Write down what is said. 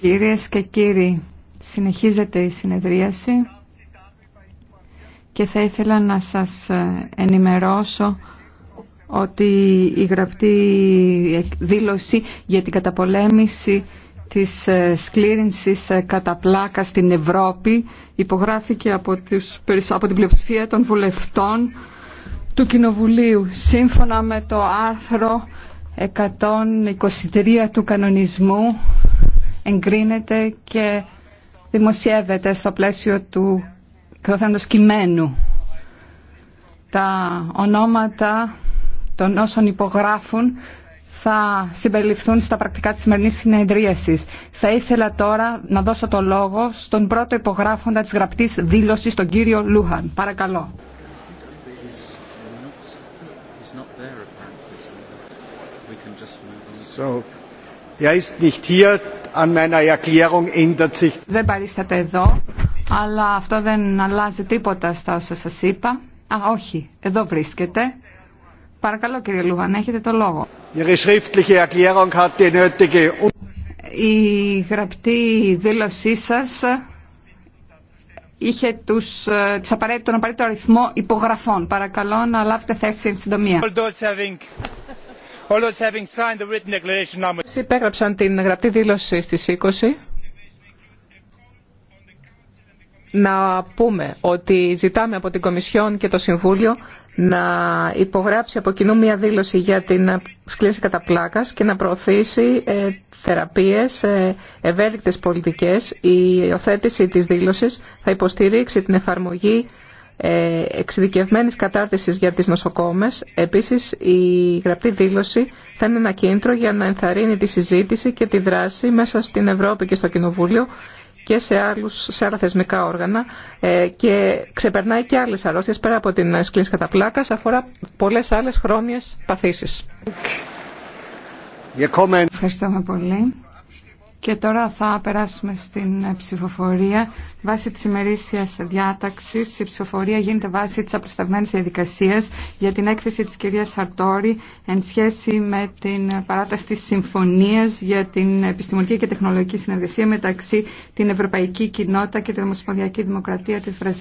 Κυρίες και κύριοι, συνεχίζεται η συνεδρίαση και θα ήθελα να σας ε, ενημερώσω ότι η γραπτή δήλωση για την καταπολέμηση της ε, σκλήρινσης ε, κατά πλάκα στην Ευρώπη υπογράφηκε από, από την πλειοψηφία των βουλευτών του Κοινοβουλίου σύμφωνα με το άρθρο 123 του κανονισμού εγκρίνεται και δημοσιεύεται στο πλαίσιο του κρατάντος κειμένου. Τα ονόματα των όσων υπογράφουν θα συμπεριληφθούν στα πρακτικά της σημερινής συνεδρίασης. Θα ήθελα τώρα να δώσω το λόγο στον πρώτο υπογράφοντα της γραπτής δήλωσης, τον κύριο Λούχαν. Παρακαλώ. Δεν παρίσταται εδώ, αλλά αυτό δεν αλλάζει τίποτα στα όσα σας είπα. Α, όχι, εδώ βρίσκεται. Παρακαλώ κύριε Λούγαν, έχετε το λόγο. Η γραπτή δήλωσή σας είχε τους, ε, τον απαραίτητο αριθμό υπογραφών. Παρακαλώ να λάβετε θέση εν συντομία. Υπέγραψαν την γραπτή δήλωση στις 20 να πούμε ότι ζητάμε από την Κομισιόν και το Συμβούλιο να υπογράψει από κοινού μια δήλωση για την σκλήση κατά πλάκας και να προωθήσει ε, θεραπείες, ε, ευέλικτες πολιτικές. Η υιοθέτηση της δήλωσης θα υποστηρίξει την εφαρμογή ε, Εξειδικευμένη κατάρτιση για τις νοσοκόμες. Επίσης, η γραπτή δήλωση θα είναι ένα κίνητρο για να ενθαρρύνει τη συζήτηση και τη δράση μέσα στην Ευρώπη και στο Κοινοβούλιο και σε, άλλους, σε άλλα θεσμικά όργανα ε, και ξεπερνάει και άλλες αρρώστιες πέρα από την σκλήση κατά πλάκας, αφορά πολλές άλλες χρόνιες παθήσεις. πολύ. Και τώρα θα περάσουμε στην ψηφοφορία. Βάσει της ημερήσιας διάταξης, η ψηφοφορία γίνεται βάσει της απροσταγμένης διαδικασίας για την έκθεση της κυρίας Σαρτόρη εν σχέση με την παράταση της συμφωνίας για την επιστημονική και τεχνολογική συνεργασία μεταξύ την Ευρωπαϊκή Κοινότητα και την Ομοσπονδιακή Δημοκρατία της Βραζιλίας.